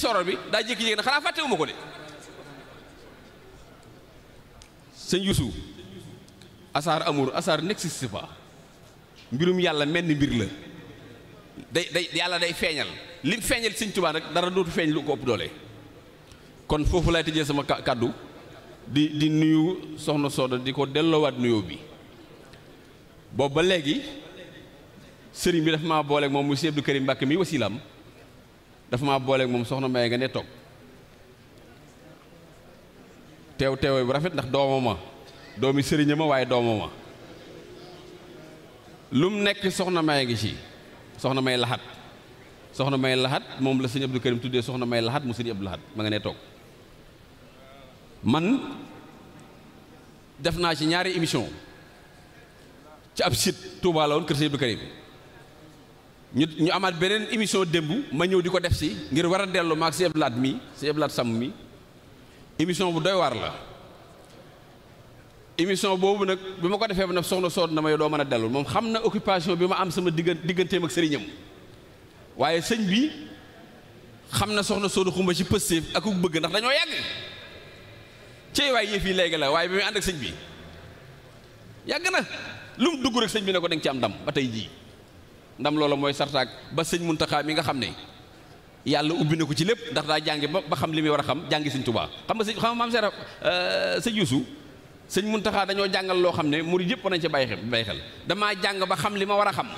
soror bi daa jékki ko de sëñ Yuusu asaar amour asaar n'existe pas mbirum yàlla mel ni mbir la day day yàlla day feeñal lim feeñal sëñ Tuubaa nag dara dootu feeñ lu ko ëpp doole kon foofu lay tëjee sama kàddu di di nuyu soxna Soda di ko delloowaat nuyoo bi boobu ba léegi sëriñ bi daf maa booleeg moom mu Sëriñ Abdou mbàkk Mbàkke mi wasilaam dafa maa booleeg moom soxna May nga ne toog teew teew bu rafet ndax dooma ma doomi sëriña ma waaye dooma ma lu mu nekk soxna May ngi ci soxna May laxat soxna May laxat moom la sëñ Abdou Karim tuddee soxna May laxat mu sëriñ Abdou laxat ma nga ne toog man def naa ci ñaari émission ci ab site Touba la woon kër sëñ Abdou Karim ñu ñu amaat beneen émission démb ma ñëw di ko def si ngir war a dellu maag si eblaat mi si eblaat sàmm mi émission bu doy waar la émission boobu nag bi ma ko defee ba nag soxna sood na ma doo mën a dellu moom xam na occupation bi ma am sama diggan digganteem ak sëriñam waaye sëñ bi xam na soxna soodu xumba ci pëstéef ak ku bëgg ndax dañoo yàgg cey waaye yëf yi léegi la waaye bi muy ànd ak sëñ bi yàgg na lu mu dugg rek sëñ bi ne ko da ci am ndam ba tey jii ndam loola mooy sartaag ba sëñ muntaxaa mi nga xam ne yàlla ubbi na ko ci lépp ndax daa jàngi ba xam li muy war a xam jàngi sëñ Tuubaa xam nga sëñ xam nga maam seera euh, sëñ Yuusu sëñ Muntaxa dañoo jàngal loo xam ne murid yëpp nañ ci bàyyi xel bàyyi xel damaa jàng ba xam li ma war a xam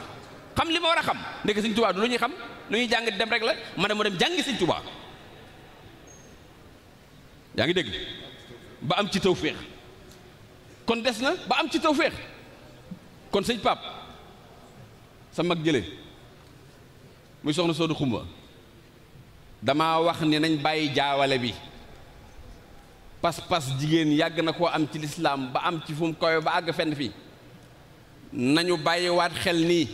xam li ma war a xam ndeke sëñ Tuubaa du lu ñuy xam lu ñuy jàng di dem rek la ma dama dem jàngi sëñ Tuubaa yaa ngi dégg ba am ci tawféex kon des na ba am ci tawféex kon sëñ Pape sa mag jële muy soxna soodu xumba dama wax ne nañ bàyyi jaawale bi pas-pas jigéen yàgg na koo am ci lislaam ba am ci fu mu ba àgg fenn fi nañu bàyyiwaat xel nii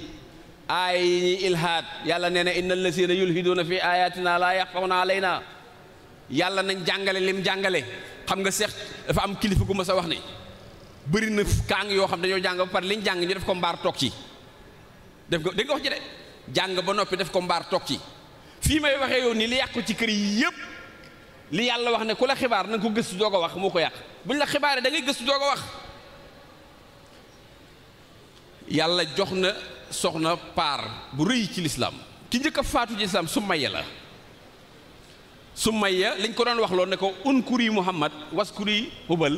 aay yi ñuy ilhaad yàlla nee na inna allazina yulhiduuna fi ayatina laa naa yaxfawna naa yàlla nañ jàngale lim jàngale xam nga seex dafa am kilifa gu ma sa wax ne bëri na kaang yoo xam dañoo jàng ba pare liñ jàng ñu def ko mbaar toog ci def nga dégg nga wax ji de jàng ba noppi def ko mbaar toog ci fii may waxee yoon ni li yàqu ci kër yi yëpp li yàlla wax ne ku la xibaar na ko gëstu doog a wax moo ko yàq buñ la xibaar da ngay gëstu doog a wax yàlla jox na soxna paar bu rëy ci lislaam ki njëkk a faatu ci lislaam Sumayya la Sumayya liñ ko doon wax loon ne ko unkuri Muhammad waskuri hubal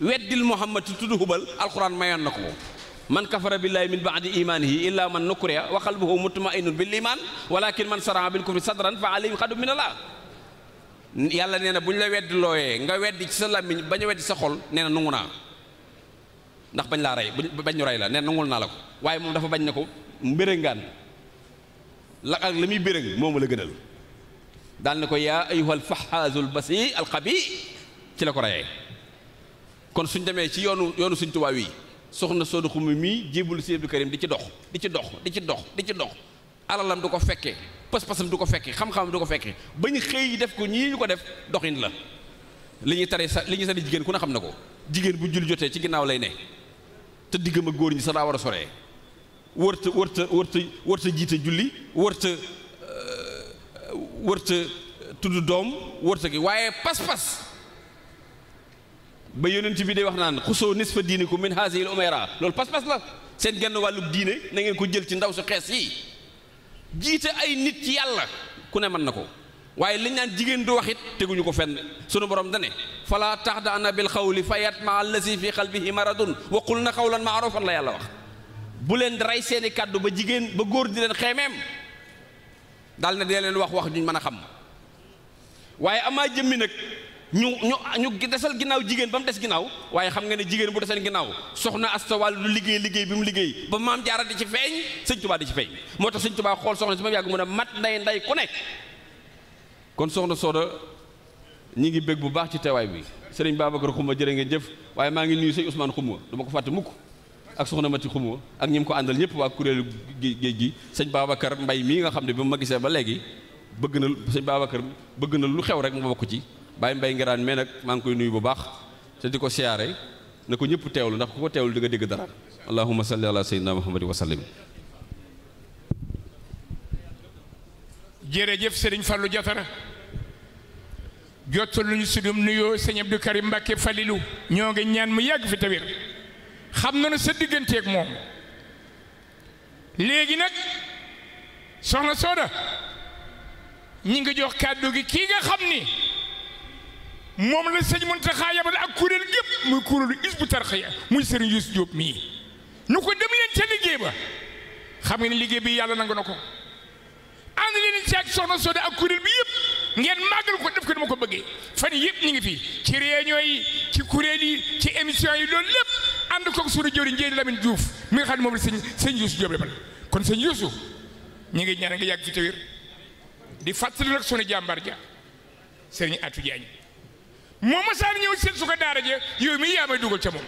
weddil Muhammad ci tudd hubal alxuraan mayoon na ko man kafara billahi min baadi imaanihi illa man nukriha wa qalbuhu mutmainun bil iman walakin man saraa bil kufri sadran fa alayhim xadum na allah yàlla nee na bu ñu la weddi looyee nga weddi ci sa làmmiñ bañ a weddi sa xol nee na nungu naa ndax bañ laa rey bañ ñu rey la nee na nungul naa la ko waaye moom dafa bañ ne ko mbérëngaan la ak la muy béréng moom la gënal daal ne ko yaa ayuha alfaxaazul basi alxabi ci la ko reyee kon suñ demee ci yoonu yoonu suñ tubaab yi soxna Soda Xuma mii jébbalu si Abdou Karim di ci dox di ci dox di ci dox di ci dox alalam du ko fekkee pas-pasam du ko fekkee xam-xamam du ko fekkee ba ñu xëy def ko ñii ñu ko def doxin la li ñuy tare sa li ñu sari jigéen ku ne xam na ko jigéen bu jul jotee ci ginnaaw lay ne te diggam ak góor ñi sax daa war a soree wërta wërta wërta wërta jiite julli wërta euh, wërta tudd doom wërta gi waaye pas-pas ba yonent bi day wax naan xusoo nisfa diinikum min haazihil umayra loolu pas-pas la seen genn wàllub diine na ngeen ko jël ci ndaw su xees yi jiite ay nit ci yàlla ku ne mën na ko waaye liñ naan jigéen du wax it teguñu ko fenn sunu borom dane fala taxda'na bil xawli fa yatma'a allazi fi qalbihi maradun na qulna qawlan ma'rufan la yàlla wax bu leen rey seeni kàddu ba jigéen ba góor di leen xeemeem daal na dee leen wax wax juñ mën a xam waaye ñu ñu desal ginnaaw jigéen ba mu des ginnaaw waaye xam nga ne jigéen bu desal ginnaaw soxna Asta Walo liggéey liggéey bi mu liggéey ba maam jaara di ci feeñ sëñ Tuubaa di ci feeñ moo tax sëñ Tuubaa xool soxna si ma yàgg mu ne mat nday nday ku kon soxna Sooda ñi ngi bég bu baax ci teewaay bi sëriñ Babacar Xuma jërë nga jëf waaye maa ngi nuyu sëñ Ousmane Xuma duma ko fàtte mukk ak soxna ci Xuma ak ñi mu ko àndal ñëpp waa kuréelu géej gi sëñ Babacar Mbay mii nga xam ne bi ma gisee ba léegi bëgg na sëñ Babacar bëgg na lu xew rek mu bokk ci Baye mbay Ngaraan mais nag maa ngi koy nuyu bu baax te di ko siyaare na ko ñëpp teewlu ndax ku ko teewlu di nga dégg dara allahumma salli ala sayyidina muhammadin wa sallim sëriñ Fallou Diatara jottu luñu sudum nuyoo sëñ Abdou Karim Mbacke Falilou ñoo ngi ñaan mu yàgg fi tawér xam na ne sa digganteeg moom léegi nag soxna Soda ñi ngi jox kàddu gi kii nga xam ni moom la sëñ Muntaxa yabal ak kuréel gépp muy kuréelu Hizbut Tarqiyyah muy sëriñ Youssou jóob mii nu ko dem leen ca liggéey ba xam ngeen liggéey bi yàlla nangu na ko ànd leen ci ak soxna Sode ak kuréel bi yëpp ngeen màggal ko def ko dama ko bëggee fan yëpp ñu ngi fi ci réunion yi ci kuréel yi ci émission yi loolu lépp ànd koog suñu jëwriñ Ndiédi Lamine Diouf mi nga xam ne moom la sëñ sëñ Youssou Diop lebal kon sëñ Youssou ñu ngi ñaan nga yàgg ci te wér di fàttali ja sëriñ Atou moo masaan ñëw seet su ko daara je yow mii yaa may dugal ca moom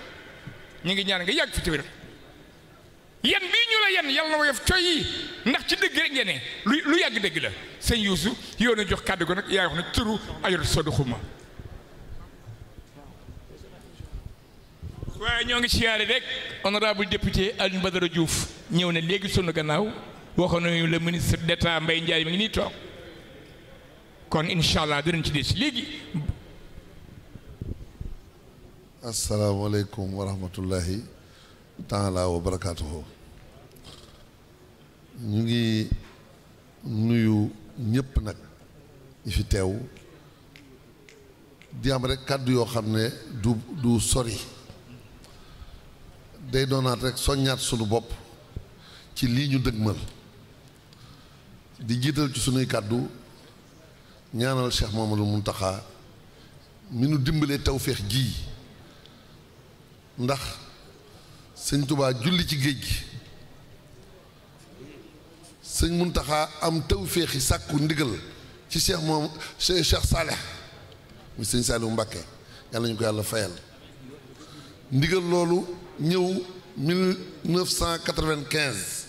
ñu ngi ñaan nga yàgg fi tawér yan bii ñu la yan yàlla na coy yi ndax ci dëgg ngeen lu lu yàgg dëgg la sëñ Youssou yow na jox kàddu ko nag yaa wax na turu ayor sodu xuma waaye ñoo ngi siyaare rek honorable député Alioune Badara Diouf ñëw na léegi sunu gannaaw waxoon nañu le ministre d'état Mbaye Ndiaye mi ngi nii toog kon incha allah dinañ ci des léegi asalaamaaleykum wa rahmatullahi taala wa barakaatuhu ñu ngi nuyu ñépp nag ñi fi teew di am rek kàddu yoo xam ne du du sori day doonaat rek soññaat sunu bopp ci lii ñu dëgmal di jiital ci sunuy kàddu ñaanal Cheikh Mamadou taxa mu nu dimbalee tawféex ji ndax sëñ Touba julli ci géej gi sëñ Muntaxa am tawféexi sàkku ndigal ci cheikh moom cheikh Saalih mu sëñ Saalihu Mbàkke yàlla ñu ko yàlla fayal ndigal loolu ñëw 1995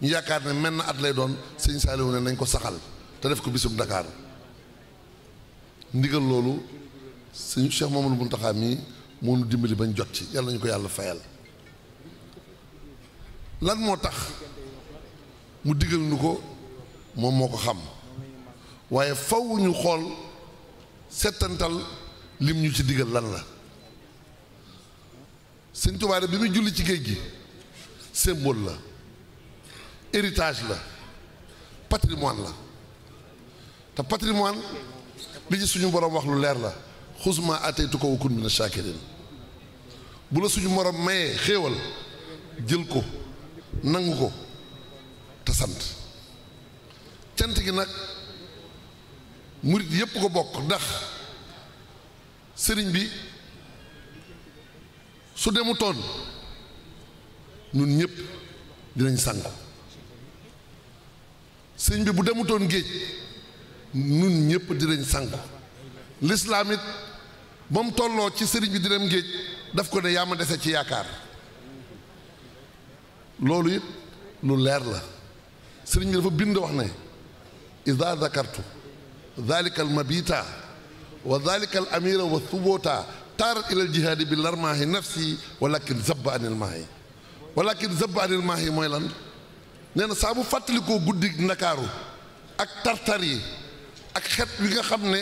ñu yaakaar ne menn at lay doon sëñ Saalihu ne nañ ko saxal te def ko bisum Dakar ndigal loolu sëñ cheikh Mamadou Muntaxa mii moo nu dimbali bañ jot ci yàlla nañu ko yàlla fayal lan moo tax mu digal nu ko moom moo ko xam waaye faw ñu xool settantal lim ñu ci digal lan la sëñ Tuubaa bi muy julli ci géej gi symbole la héritage la patrimoine la te patrimoine li ci suñu boroom wax lu leer la xusma ataytu ko wa kun mina shakirin bu la suñu moroom mayee xéewal jël ko nangu ko te cant gi nag murit yépp ko bokk ndax sëriñ bi su demutoon nun ñëpp dinañ sangu sëriñ bi bu demutoon géej ñun ñëpp dinañ sangu lislaam it ba mu tolloo ci sëriñ bi di dem géej daf ko ne yaa ma dese ci yaakaar loolu it lu leer la sëriñ bi dafa bind wax ne ida zakartu dalika al mabita wa dalika al amira wa thubuta taarat ila al jihaadi bi larmaahi nafsi walakin zabba anil maahi walakin zabba anil maahi mooy lan nee na saa bu fàttalikoo guddi ndakaaru ak tartar yi ak xet wi nga xam ne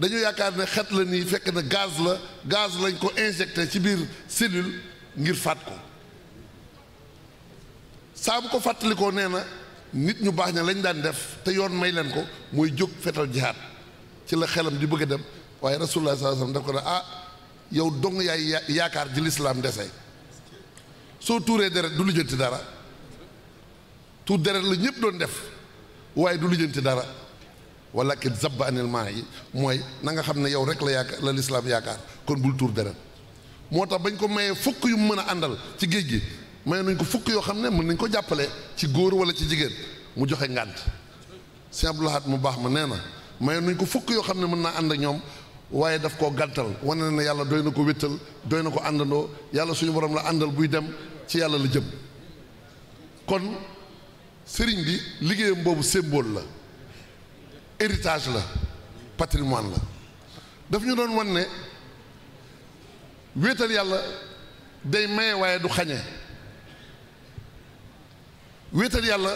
dañu yaakaar ne xet la nii fekk na gaz la gaz lañ ko injecté ci biir cellule ngir faat ko saabu ko fàttalikoo nee na nit ñu baax ña lañ daan def te yoon may leen ko mooy jóg fetal jihaat ci la xelam di bëgg a dem waaye rasulullah sallallahu alayhi wasallam daf ko ne ah yow dong yaay yaakaar ji lislaam dese soo tuuree deret du lijjanti dara tuur deret la ñëpp doon def waaye du lijjanti dara wala ki zabba anil maa yi mooy na nga xam ne yow rek la yaakaar la lislaam yaakaar kon bul tuur deret moo tax bañ ko mayee fukk yu mu mën a àndal ci géej gi may nañ ko fukk yoo xam ne mën nañ ko jàppale ci góor wala ci jigéen mu joxe ngànt si Abdou Lahad mu baax ma nee na may nañ ko fukk yoo xam ne mën naa ànd ñoom waaye daf koo gàntal wane na ne yàlla doy na ko wéttal doy na ko àndandoo yàlla suñu borom la àndal buy dem ci yàlla la jëm kon sëriñ bi liggéeyam boobu symbole la héritage la patrimoine la daf ñu doon wan ne wéetal yàlla day maye waaye du xañe wéetal yàlla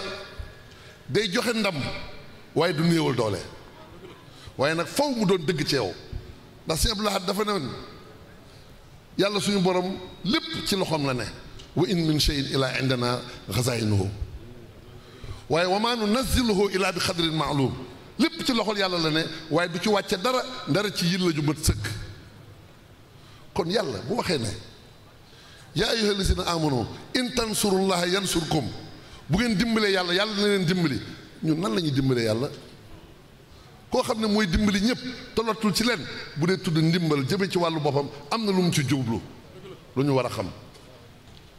day joxe ndam waaye du néewal doole waaye nag faw mu doon dëgg ci yow ndax si Abdul Ahad dafa ne woon yàlla suñu borom lépp ci loxoom la ne wa in min cheyin ila indana xazainuhu waaye wa bi xadrin maalum lépp ci loxol yàlla la ne waaye du ci wàcce dara dara ci yil la ju sëkk kon yàlla bu waxee ne yaa ayyuhal lazina amanu in tansurullaha yansurkum bu ngeen dimbalee yàlla yàlla na leen dimbali ñun nan la ñuy dimbalee yàlla koo xam ne mooy dimbali ñëpp tolootul ci leen bu dee tudd ndimbal jëme ci wàllu boppam am na lu mu ci jublu lu ñu war a xam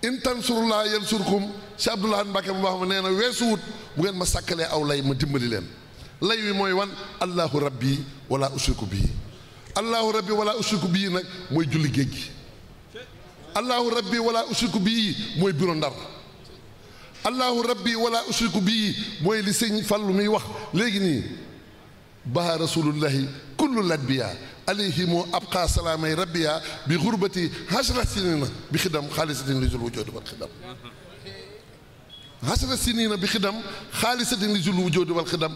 in tansurullaha yansurkum si Abdoulahan Mbàkke mu baax ma nee na weesuwut bu ngeen ma sàkkalee aw lay ma dimbali leen lay wi mooy wan allahu rabbi wala usriku bii allahu rabbi wala usriku bii nag mooy julli géej gi allahu rabbi wala usriku bii mooy biro ndar allahu rabbi wala usriku bii mooy li sëñ fàllu muy wax léegi nii baha rasulullahi kullu ladbiya alayhimu abqa salaamay rabbiya bi xurbati hasra sinina bi xidam xaalisatin li jul wujoodi wal xidam sinina bi xidam xaalisatin li jul wujoodi wal xidam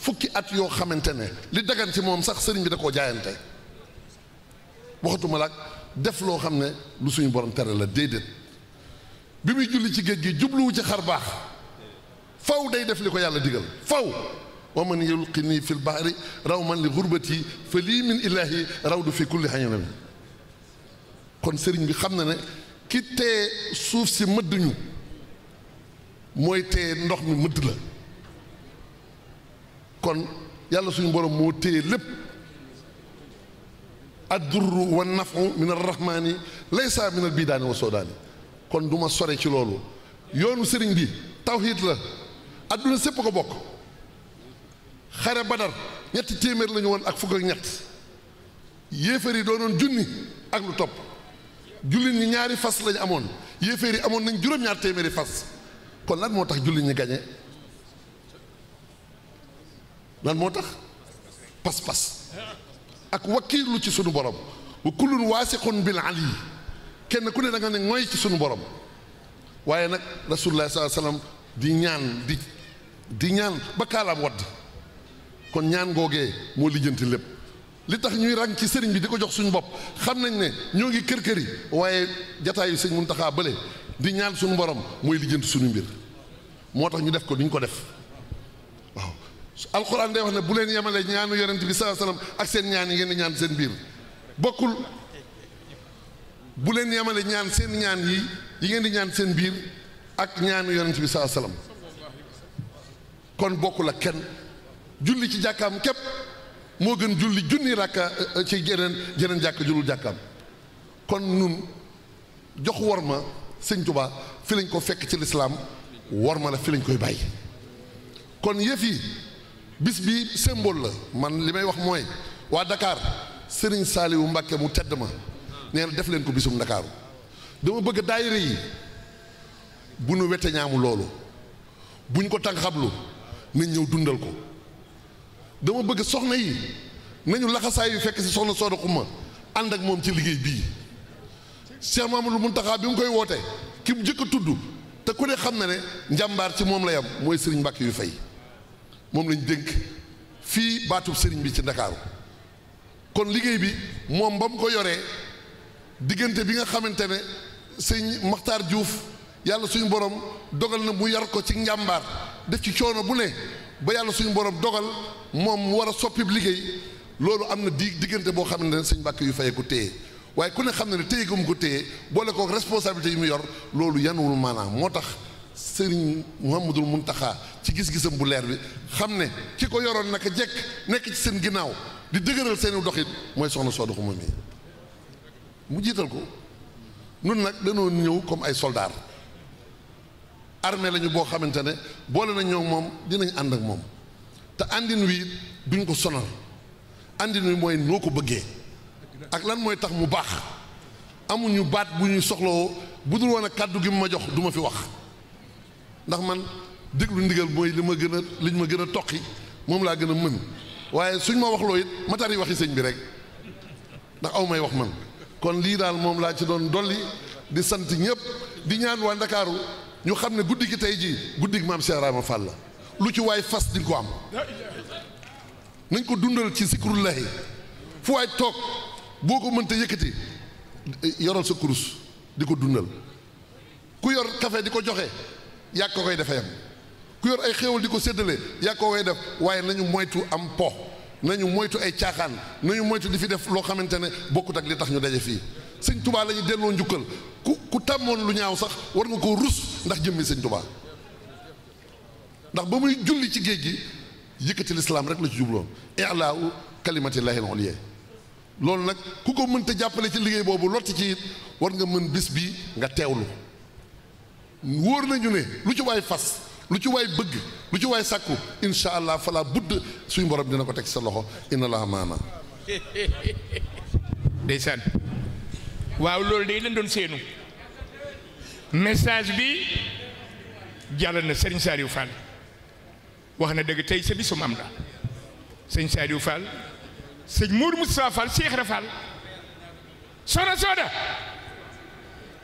fukki at yoo xamante ne li dagan ci moom sax sëriñ bi da koo jaayante waxatuma laag def loo xam ne lu suñu borom tere la déedéet bi muy julli ci géej gi jubluwu ci xar baax faw day def li ko yàlla digal faw wa man yulqi nii fi lbahri raw man li gurbati fa lii min illaahi raw du fi kulli xañanami kon sëriñ bi xam na ne ki tee suuf si mëdd mooy tee ndox mi mëdd la kon yàlla suñu borom moo téye lépp addurru wa nafu min arrahmaani laysa min al bidaani wa soodaani kon du ma sore ci loolu yoonu sëriñ bi tawxiit la adduna sépp ko bokk xare badar ñetti téeméer la ñu woon ak fukk ak ñett yéefar yi doonoon junni ak lu topp jullit ñi ñaari fas lañu amoon yéefar yi amoon nañ juróom-ñaar téeméeri fas kon lan moo tax jullit ñi gañe lan moo tax pas-pas ak wakkiirlu ci sunu borom wa kullun waasiqun bil ali kenn ku ne da ne mooy ci suñu borom waaye nag rasulullah sallallahu alayhi wasallam di ñaan di di ñaan ba kaalaam wadd kon ñaan ngoogee moo lijjanti lépp li tax ñuy ràng ci sëriñ bi di ko jox suñu bopp xam nañ ne ñoo ngi kër kër yi waaye jataayu sëñ Muntaxa bële di ñaan suñu borom mooy lijjanti suñu mbir moo tax ñu def ko ni ko def alxuraan day wax ne bu leen yemale ñaanu yonent bi salaa salaam ak seen ñaan yi ngeen di ñaan seen biir bokkul bu leen yemale ñaan seen ñaan yi yi ngeen di ñaan seen biir ak ñaanu yonent bi salaa salaam kon bokkul ak kenn julli ci jàkkaam képp moo gën julli junni ràkka euh, euh, ci jeneen jeneen jàkka julul jàkkaam kon nun jox war ma sëñ Tuubaa fi lañ ko fekk ci lislaam war ma la fi lañ koy bàyyi kon yëf yi bis bi symbole la man li may wax mooy waa Dakar Serigne Saliou Mbacké mu tedd ma nee na def leen ko bisum Ndakaaru dama bëgg daayira yi bu nu wete ñaamu loolu buñ ko tàng xablu nañ ñëw dundal ko dama bëgg soxna yi nañu laxasaay yu fekk si soxna Soda Xuma ànd ak moom ci liggéey bii Cheikh Mamadou Mountakha bi mu koy woote ki mu jëkk tudd te ku ne xam na ne njàmbaar ci moom la yam mooy sëriñ Mbacké yu fay moom lañu dénk fii baatub sëriñ bi ci ndakaaru kon liggéey bi moom ba mu ko yoree diggante bi nga xamante ne sëñ Maxtaar Diouf yàlla suñu borom dogal na mu yar ko ci njàmbaar def ci coono bu ne ba yàlla suñu borom dogal moom mu war a soppi liggéey loolu am na di diggante boo xam ne sëñ Mbàkke yu fayee ko téye waaye ku ne xam ne ne téye ko mu ko téye boole kook responsabilité yi mu yor loolu yanuwul maanaam moo tax sëriñ Mouhamadul Muntaxa ci gis-gisam bu leer bi xam ne ki ko yoroon naka jekk nekk ci seen ginnaaw di dëgëral seeni doxit mooy soxna Soda Xuma mi mu jiital ko nun nag dañoo ñëw comme ay soldaar armée lañu boo xamante ne boole nañu ñoo moom dinañ ànd ak moom te àndin wi duñ ko sonal àndin wi mooy noo ko bëggee ak lan mooy tax mu baax amuñu baat bu ñuy soxlawoo bu dul woon a kàddu gi ma jox duma fi wax ndax man déglu ndigal mooy li ma gën a liñ ma gën a toqi moom laa gën a mën waaye suñ ma waxloo it ma wax waxi sëñ bi rek ndax aw may wax man kon lii daal moom laa ci doon dolli di sant ñëpp di ñaan waa Ndakaaru ñu xam ne guddi gi tey jii guddi gi maam Cheikh Rahma la lu ci waay fas di ko am nañ ko dundal ci sikrullahi fu waay toog boo ko mënta yëkkati yoral sa kurus di ko dundal ku yor café di ko joxe yaa ko koy defee yam ku yor ay xéewal di ko séddale yàgg ko koy def waaye nañu moytu am po nañu moytu ay caaxaan nañu moytu di fi def loo xamante ne bokkut ak li tax ñu daje fii sëñ tubaa la ñu delloo njukkal ku ku tàmmoon lu ñaaw sax war nga koo rus ndax jëmmi sëñ tubaa ndax ba muy julli ci géej gi yëkkati lislaam rek la ci jubloon ilaahu kalimatillahi al-ulya loolu nag ku ko mënta jàppale ci liggéey boobu lotti ci war nga mën bis bi nga teewlu wóor nañu ne lu ci waay fas lu ci waay bëgg lu ci waay sàkku incha allah fala budd suñu borom dina ko teg sa loxo inna laa maana ndeysaan waaw loolu day leen doon seenu message bi jàll na Serigne Saliou Fall wax na dëgg tey sa bi su maam la sëñ Saliou Fall sëñ Mour Moustapha Fall Cheikh Fall soxna Soda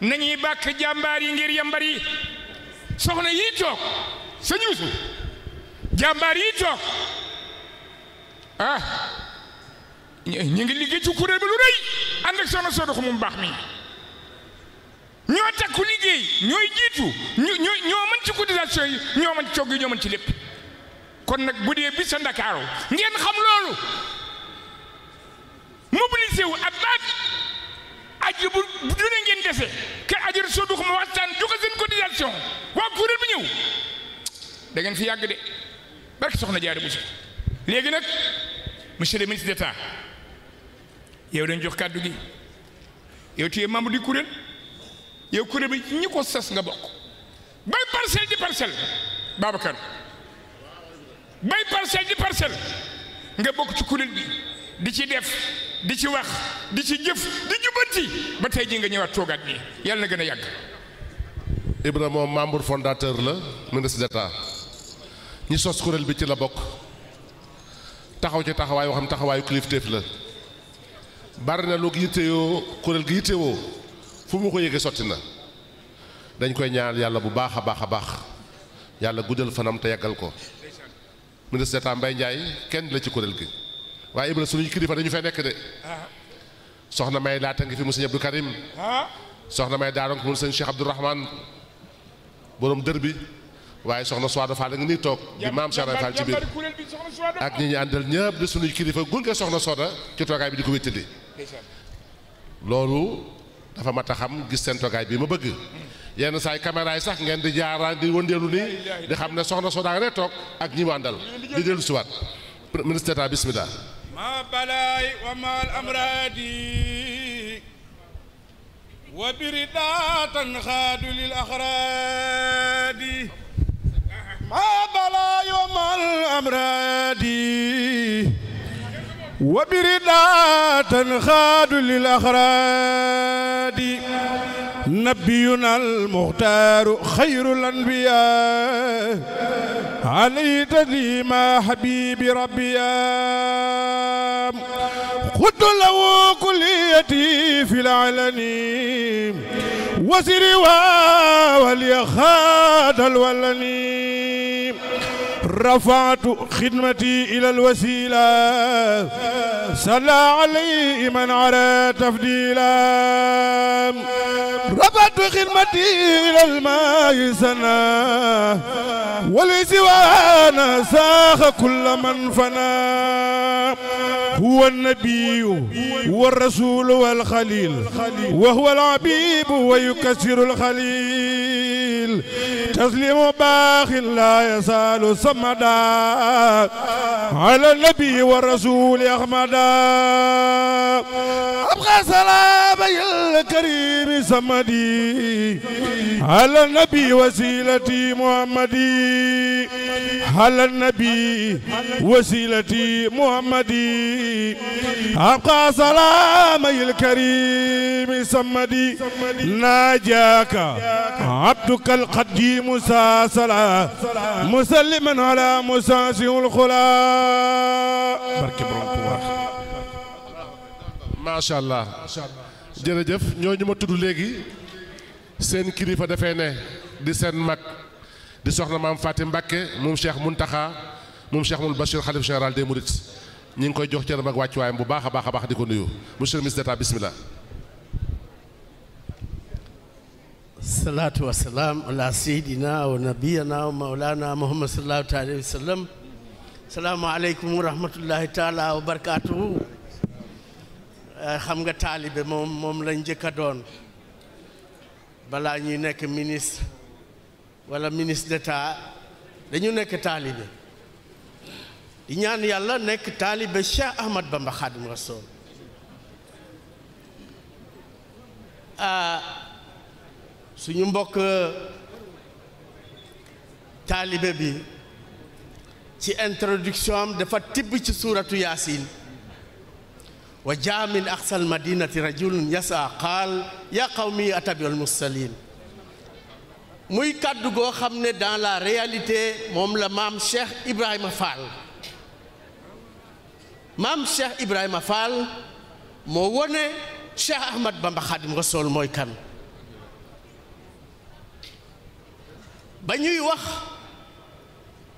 nañuy bàkk jàmbaar yi ngir yambar yi soxna yi toog sëñ Yuusu jàmbaar yi toog ah ngi liggéey ci kuréel ba lu rëy ànd ak soxna soo dox mu baax mi ñoo takku liggéey ñooy jiitu ñoo ñoo mën ci cotisation yi ñoo mën ci cogg yi ñoo mën ci lépp kon nag bu dee bi sa Ndakaaru ngeen xam loolu mobilisé wu at baat aj bu du defe ke ajur soodu xuma waxtaan joxe seen cotisation waa kuréel bi ñëw da fi yàgg de barki soxna jaar bu léegi nag monsieur le ministre d'État yow dañ jox kàddu gi yow tu es membre du kuréel yow kuréel bi ñi ko sas nga bokk bay parcelle di parcelle Babacar bay parcelle di parcelle nga bokk ci kuréel bi di ci def di ci wax di ci jëf di jubbanti ba tey ji nga ñëwaat toogaat nii yàlla na gën a yàgg Ibra moom membre fondateur la ministre d'État ñi sos kuréel bi ci la bokk taxaw ci taxawaay waxam taxawaayu kilifteef la bari na lu yittewoo kuréel gi yittewoo fu mu ko yëgee sotti na dañ koy ñaanal yàlla bu baax a baax a baax yàlla guddal fanam te yàggal ko ministre d'État Mbaye Ndiaye kenn la ci kuréel gi waaye Ibra suñu kilifa dañu fa nekk de ah. soxna may laata ngi fi mu sëñ Abdou Karim ah. soxna may daaronk mu sëñ Cheikh Abdourahman borom dër bi waaye soxna Suwaada Fall da nga nii toog di maam Cheikh Fall ci biir ak ñi ñu àndal ñëpp di suñuy kilifa gunge soxna Soda ci toogaay bi di ko wéttali loolu dafa mat a xam gis seen toogaay bi ma bëgg hmm. yenn saa yi yi sax ngeen di jaaraan di wëndeelu nii di xam ne soxna Soda ne toog ak ñi mu àndal di dellu si waat ministre d'état bismillah ما بلاي وما الأمراض وبرضا تنخاد للأخراد ما بلاي وما الأمراض وبرضا تنخاد للأخراد نبينا المختار خير الأنبياء عليه تديما حبيب ربي قلت له كليتي في العلني وسري وليخاد الولني رفعت خدمتي إلى الوسيلة صلى علي من على تفديلا رفعت خدمتي إلى الماء سنا ولسوانا ساخ كل من فنا هو النبي والرسول والخليل وهو العبيب ويكسر الخليل تسليم باخ لا يزال سما أحمد على النبي والرسول أحمد أبقى سلام الكريم سمدي على النبي وسيلتي محمدي على النبي وسيلتي محمدي أبقى سلام الكريم سمدي ناجاك عبدك القديم ساسلا مسلما على wala musaasiul xulaa barke borom Tuubaa macha allah jërëjëf ñoo ñu ma tudd léegi seen kilifa defee ne di seen mag di soxna maam Faati Mbàkke moom Cheikh Muntaxa moom Cheikh Mul Bachir xalif général des Mourides ñu ngi koy jox cër mag wàccuwaayam bu baax a baax baax di ko nuyu mu le ministre d'État bismillah salaatu wassalaam ala seydina wa nabiyana wa mawlana eh, xam nga taalibe moom moom njëkk a balaa ñuy nekk ministre wala ministre d'état dañu nekk taalibe di ñaan yàlla nekk taalibe Cheikh Ahmad Bamba Xaadim Rasool ah, suñu mbokk taalibe bi ci introduction am dafa tibb ci suuratu yaasin wa jaa min aqsal madinati rajulun yasa qaal yaa qawmi atabiul mursalin muy kàddu goo xam ne dans la réalité moom la maam Cheikh Ibrahima Fall maam Ibrahima Fall moo wone Cheikh Ahmad Bamba Xaadim Rasuul mooy kan ba ñuy wax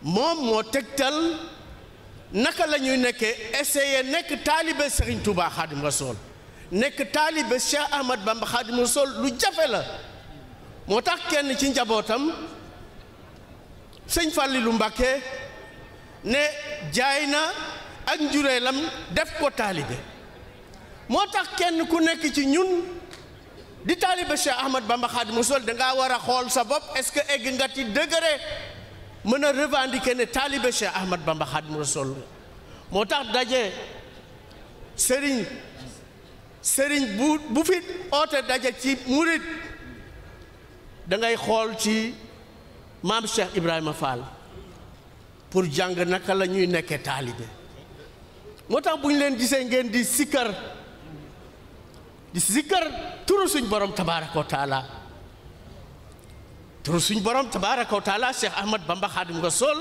moom moo tegtal naka la ñuy nekkee essayer nekk taalibe Serigne Touba Khadim Rasoul nekk taalibe Cheikh Ahmad Bamba Khadim Rasoul lu jafe la moo tax kenn ci njabootam sëñ Fallilou Mbacké ne jaay na ak njureelam def ko taalibe moo tax kenn ku nekk ci ñun di taaliba Cheikh Ahmad Bamba Xaadimu Rasuul da ngaa war a xool sa bopp est-ce que egg nga ci degré mën a revendiquer ne taaliba Cheikh Ahmad Bamba Xaadimu sol moo tax daje sëriñ sëriñ bu bu fi oote daje ci murit da ngay xool ci maam Cheikh Ibrahima Fall pour jàng naka la ñuy nekkee taalibe moo tax bu ñu leen gisee ngeen di sikkar di sikkar turu suñ borom tabaaraka wa taala suñ borom tabaaraka wa taala Cheikh Ahmad Bamba Xaadim sol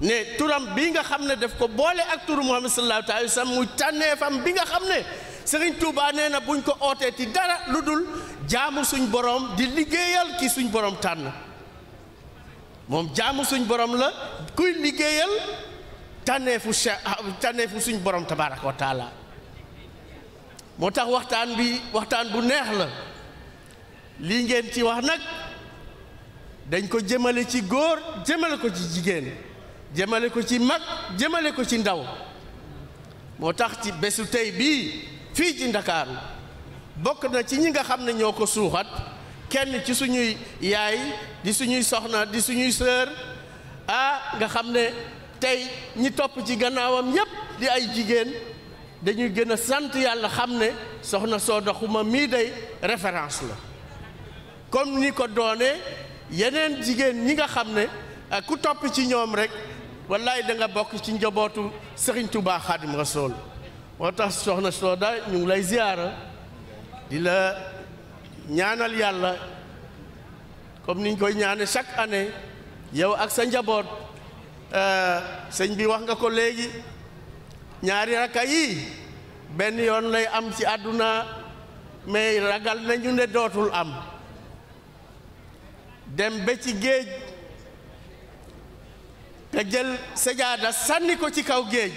ne turam bii nga xam ne def ko boole ak turu Muhammad sallallahu alayhi wa sallam muy bi nga xam ne Sëriñ Tuubaa nee na buñ ko ootee ci dara lu dul jaamu suñ borom di liggéeyal ki suñ borom tànn moom jaamu suñ borom la kuy liggéeyal tànneefu Cheikh tànneefu suñ borom tabaaraka wa moo tax waxtaan bi waxtaan bu neex la lii ngeen ci wax nag dañ ko jëmale ci góor jëmale ko ci jigéen jëmale ko ci mag jëmale ko ci ndaw moo tax ci bésu tey bii fii ci Ndakaaru bokk na ci ñi nga xam ne ñoo ko suuxat kenn ci suñuy yaay di suñuy soxna di suñuy sœur aa ah, nga xam ne tey ñi topp ci gannaawam yépp di ay jigéen dañuy gën a sant yàlla xam ne soxna Sooda Xuma mii day référence la comme ni ko doonee yeneen jigéen ñi nga xam ne ak ku topp ci ñoom rek wallaay danga bokk ci njabootu Serigne Touba Xaadim sol moo tax soxna Sooda ñu ngi lay ziyaara di la ñaanal yàlla comme niñ koy ñaane chaque année yow ak sa njaboot euh, sëñ bi wax nga ko léegi ñaari rakka yii benn yoon lay am ci àdduna mais ragal nañu ne dootul am dem ba ci géej te jël sajaada sànni ko ci kaw géej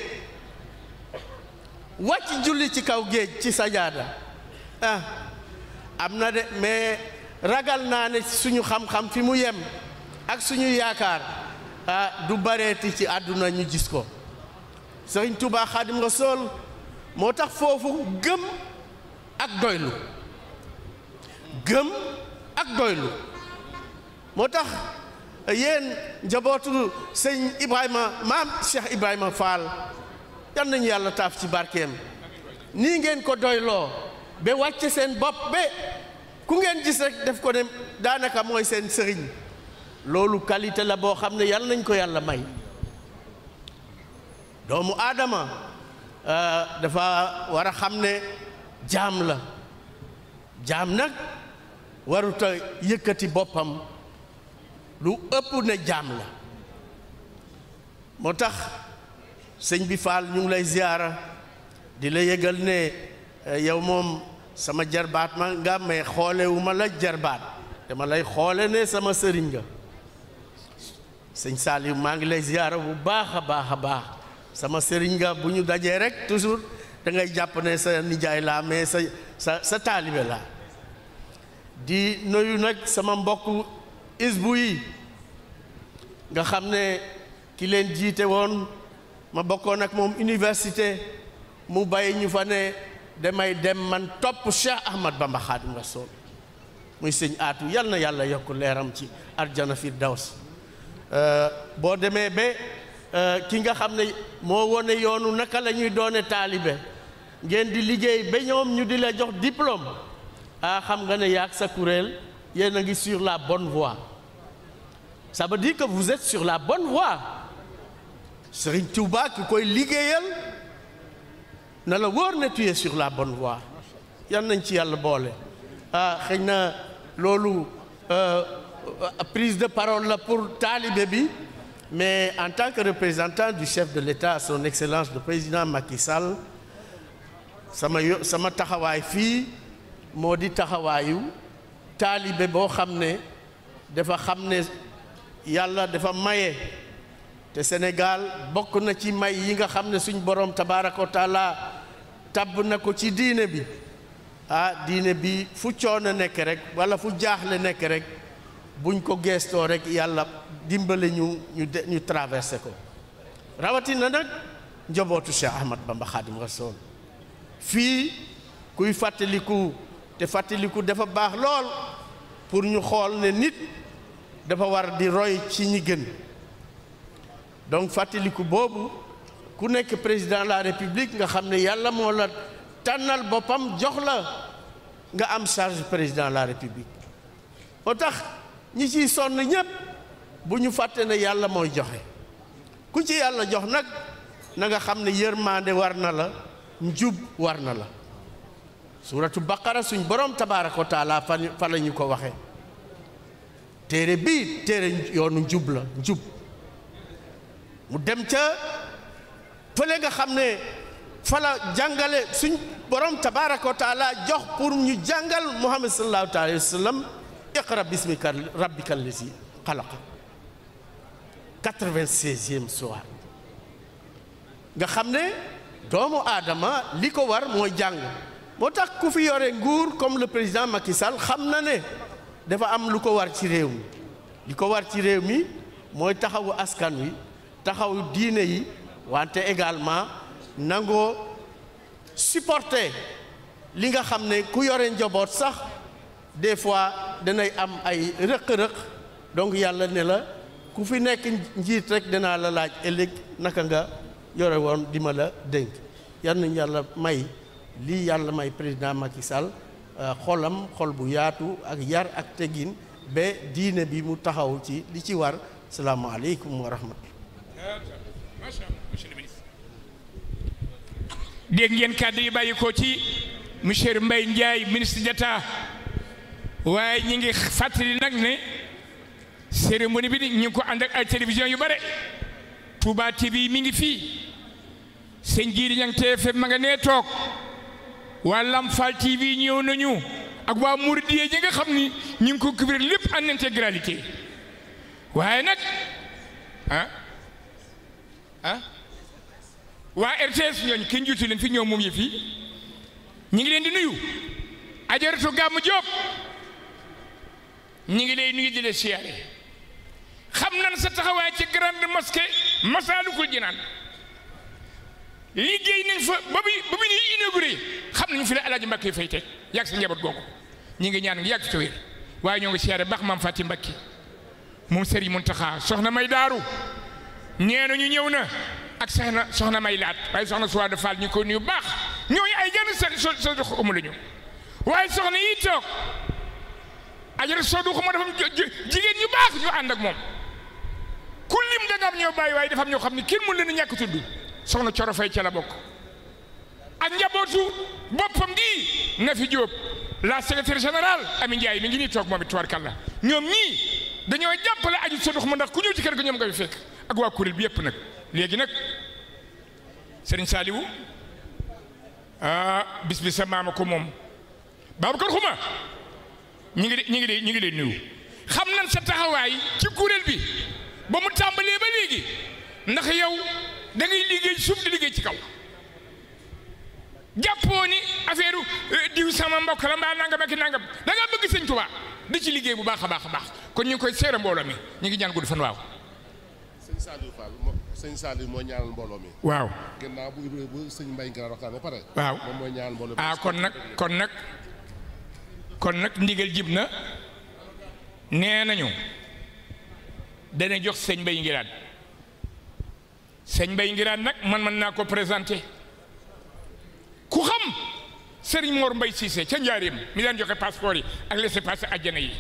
wàcc julli ci kaw géej ci sajaada ah, am na de mais ragal naa ne suñu xam-xam fi mu yem ak suñu yaakaar ah du bareeti ci àdduna ñu gis ko sëriñ Touba Xaadim Rasuul moo tax foofu gëm ak doylu gëm ak doylu moo tax yéen njabootul sëñ Ibrahima maam Cheikh Ibrahima Fall yan nañu yàlla taaf ci barkeem nii ngeen ko doyloo ba wàcce seen bopp ba ku ngeen gis rek def ko ne daanaka mooy seen sëriñ loolu qualité la boo xam ne yàlla nañ ko yàlla may doomu aadama euh, dafa war a xam ne jaam la jaam nag waruta yëkkati boppam lu ëpp ne jaam la moo tax sëñ bi faal ñu ngi lay ziyaara di la yëgal ne euh, yow moom sama jarbaat ma nga may xoolewu ma la jarbaat dama lay xoole ne sama sëriñ nga sëñ Saaliw maa ngi lay ziyaara bu baax a baax a baax sama sëriñ nga bu ñu dajee rek toujours da ngay jàpp ne sa nijaay laa mais sa sa sa taalibe laa di nuyu nag sama mbokk isbu yi nga xam ne ki leen jiite woon ma bokkoon ak moom université mu bay ñu fa ne damay dem man topp Cheikh Ahmad Bamba Xaadimu Rasuul muy sëñ aatu yal yàlla yokk leeram ci arjana firdaws euh, boo demee ba Euh, ki nga xam ne moo wone yoonu naka la ñuy doone taalibe ngeen di liggéey ba ñoom ñu di la jox diplôme a ah, xam nga ne yaag sa kuréel yéen a ngi sur la bonne voie saba veut dire que sur la bon voie Serigne Touba ki koy liggéeyal na la wóor ne tu es sur la bonne voie yan nañ ci yàlla boole ah xëy na loolu euh, prise de parole la pour taalibe bi mais en tant que représentant du chef de l'État son excellence le président Macky Sall sama yo sama taxawaay fii moo di taxawaayu taalibe boo xam ne dafa xam ne yàlla dafa maye te Sénégal bokk na ci may yi nga xam ne suñ borom tabaaraka wa taala na ko ci diine bi ah diine bi fu coono nekk rek wala fu jaaxle nekk rek buñ ko geestoo rek yàlla dimbale ñu ñu de ñu traversé ko rawatina nag njobootu Cheikh Ahmad Bamba Xaadim Rasuul fii kuy fàttaliku te fàttaliku dafa baax lool pour ñu xool ne nit dafa war di roy ci ñi gën donc fàttaliku boobu ku nekk président la république nga xam ne yàlla moo la tànnal boppam jox la nga am charge président la république moo tax ñi ciy sonn ñëpp bu ñu fàttee ne yàlla mooy joxe ku ci yàlla jox nag na nga xam ne yërmaande war na la njub war na la suuratu baqara suñ borom tabaaraka wa taala fa fa la ñu ko waxe téere bii téere yoonu njub la njub mu dem ca fële nga xam ne fa la jàngale suñ borom tabaaraka wa jox pour ñu jàngal muhammad sallallahu alayhi wa sallam iqra bismika rabbika allazi xalaqa quatre-vingt-seizième soir nga xam ne doomu aadama li ko war mooy jàng moo tax ku fi yore nguur comme le président Macky Sall xam na ne dafa am lu ko war ci réew mi li ko war ci réew mi mooy taxawu askan wi taxawu diine yi wante également nangoo supporter li nga xam ne ku yore njaboot sax des fois danay am ay rëq-rëq donc yàlla ne la ku fi nekk njiit rek dinaa la laaj ëllëg naka nga yore woon di ma la dénk yal nañu yàlla may lii yàlla may président Macky Sall euh, xolam xol bu yaatu ak yar ak teggin ba diine bi mu taxaw ci li ci war salaamaaleykum wa rahmatullah. dégg ngeen kàddu yi bàyyi ko ci monsieur mbay Ndiaye ministre d'État waaye ñi ngi fàttali nag ne. cérémonie bi di ñu ngi ko ànd ay télévision yu bare Touba TV mi ngi fii sëñ jiiri ñang TFM ma nga nee toog waa Lamfal TV ñëw nañu ak waa Mouridiye ñi nga xam ni ñu ngi ko couvrir lépp an en intégralité waaye nag ah ah waa RTS ñooñu kenn juuti leen fi ñoom moom yi fii ñu ngi leen di nuyu ajaratu gàmmu Jóob ñu ngi lay nuyu di la siyaare xam nan sa taxawaay ci grande mosquée Masaalikul Jinaan liggéey nañ fa ba bi ba bi ñuy inauguré xam nañ fi la alaaji Mbàkke fay teg yàgg sa njaboot googu ñi ngi ñaan ngi yàgg ci wér waaye ñoo ngi siyaare baax maam Faati Mbàkke moom Sëriñ Muntaxa soxna may daaru nee na ñu ñëw na ak soxna soxna may laat waaye soxna Suwaada Faal ñu ko nuyu baax ñooñu ay gan sa sa sa dox amu lañu waaye soxna yi toog ajara soo du xuma dafa jigéen ñu baax ñu ànd ak moom ku lim da nga am ñoo bàyyi waaye dafa am xam ne kenn mën leen a ñàkk tudd soxna Coro Fay ca la bokk ak njabootu boppam gi na fi jóob la secrétaire générale Ami Ndiaye mi ngi nii toog moom it tubarkàlla ñoom ñii dañoo jàppale aju sodux ma ndax ku ñëw ci kër ga ñoom nga fi fekk ak waa kuréel bi yëpp nag léegi nag sëriñ Saaliwu ah maama ko moom Babacar Xuma ñi ngi de ñi ngi de ñi ngi de nuyu xam nañ sa taxawaay ci kuréel bi ba mu tàmbalee ba léegi ndax yow da liggéey suuf di liggéey ci kaw jàppoo ni affaire eh, diw sama mbokk la mbaa nangam ak nangam da bëgg sëñ Tuubaa di ci liggéey bu baax a baax a baax kon ñu koy seere mbooloo mi ngi ñaan gudd fan waaw. sëñ Saliou Fall sëñ Saliou moo ñaanal mbooloo mi. sëñ Mbaye Ngiraan ba pare. waaw moom mooy ñaanal ah, kon nag kon nag kon nag ndigal jib na nee nañu. dana jox sëñ Mbay Ngiraan sëñ Mbay Ngiraan nag man mën naa ko présenté ku xam Serigne Mor Mbay Cissé ca njaareem mi joxe passeport yi ak laissez-passer àjjana yi